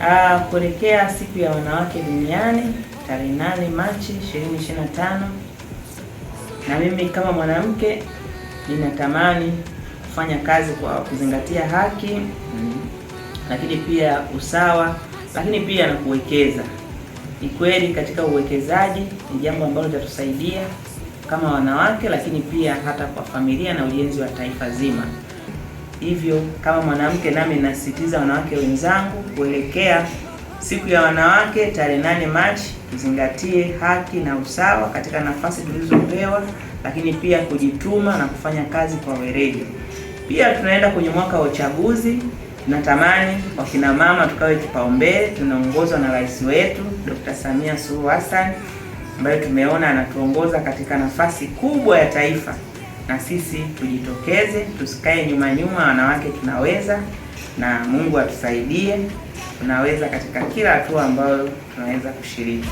Ah, kuelekea siku ya wanawake duniani tarehe 8 Machi 2025, na mimi kama mwanamke ninatamani kufanya kazi kwa kuzingatia haki mm lakini pia usawa, lakini pia na kuwekeza. Ni kweli katika uwekezaji ni jambo ambalo litatusaidia kama wanawake, lakini pia hata kwa familia na ujenzi wa taifa zima. Hivyo kama mwanamke, nami nasisitiza wanawake wenzangu kuelekea siku ya wanawake tarehe nane Machi, tuzingatie haki na usawa katika nafasi tulizopewa, lakini pia kujituma na kufanya kazi kwa weledi. Pia tunaenda kwenye mwaka wa uchaguzi. Natamani wakina mama tukawe kipaumbele, tunaongozwa na rais wetu Dr. Samia Suluhu Hassan ambayo tumeona anatuongoza katika nafasi kubwa ya taifa, na sisi tujitokeze, tusikae nyuma nyuma. Wanawake tunaweza, na Mungu atusaidie, tunaweza katika kila hatua ambayo tunaweza kushiriki.